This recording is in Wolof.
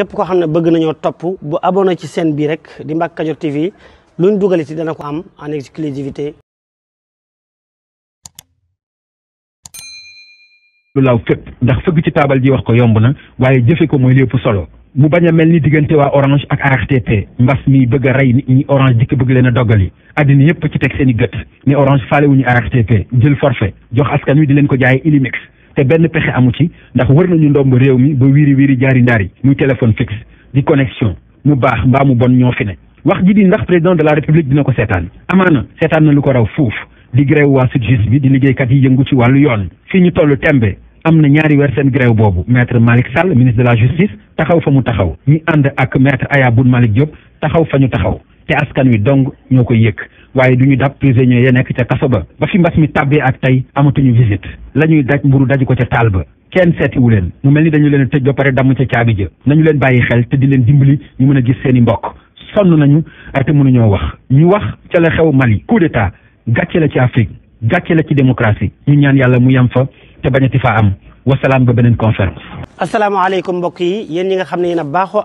képp koo xam ne bëgg nañoo topp bu abonné ci seen bii rek di Mbacke Kadior TV luñ dugal ci dana ko am en exclusivité lu law fépp ndax fëgg ci taabal ji wax ko yomb na waaye jëfe ko mooy lépp solo mu bañ a mel ni diggante waa orange ak ARTP mbas mi bëgg a rey nit ñi orange dikk bëgg leen a doggali àddina yépp ci teg seen i gët ne orange faale wuñu ARTP jël forfait jox askan wi di leen ko jaay Illimix te benn pexe amu ci ndax wër nañu ndomb réew mi ba wiiri wiiri jaari ndaari muy téléphone fixe di connexion mu baax mbaa mu bon ñoo fi ne wax ji di ndax président de la république dina ko seetaan amaana seetaan na lu ko raw fuuf di grève waa SYTJUST bi di liggéeykat yi yëngu ci wàllu yoon fii ñu toll tembe am na ñaari weer seen grève boobu maître Malick Sall ministre de la justice taxaw fa mu taxaw ñi ànd ak maître Aya Boun Malick Diop taxaw fa ñu taxaw te askan wi dong ñoo koy yëkk waaye du ñu dab prisonniers ya nekk ca kaso ba ba fi mbas mi tàbbee ak tey amatuñu visite la daj mburu daj ko ca taal ba kenn seetiwu leen mu mel ni dañu leen tëj ba pare damm ca caabi jë nañu leen bàyyi xel te di leen dimbali ñu mën a gis seen i mbokk sonn nañu te mënuñoo wax ñu wax ca la xew Mali coup d'état gàcce la ci Afrique gàcce la ci démocratie ñu ñaan yàlla mu yem fa te bañati fa am wasalaam ba beneen conférence asalaamaaleykum mbokk yi yéen ñi a baaxoo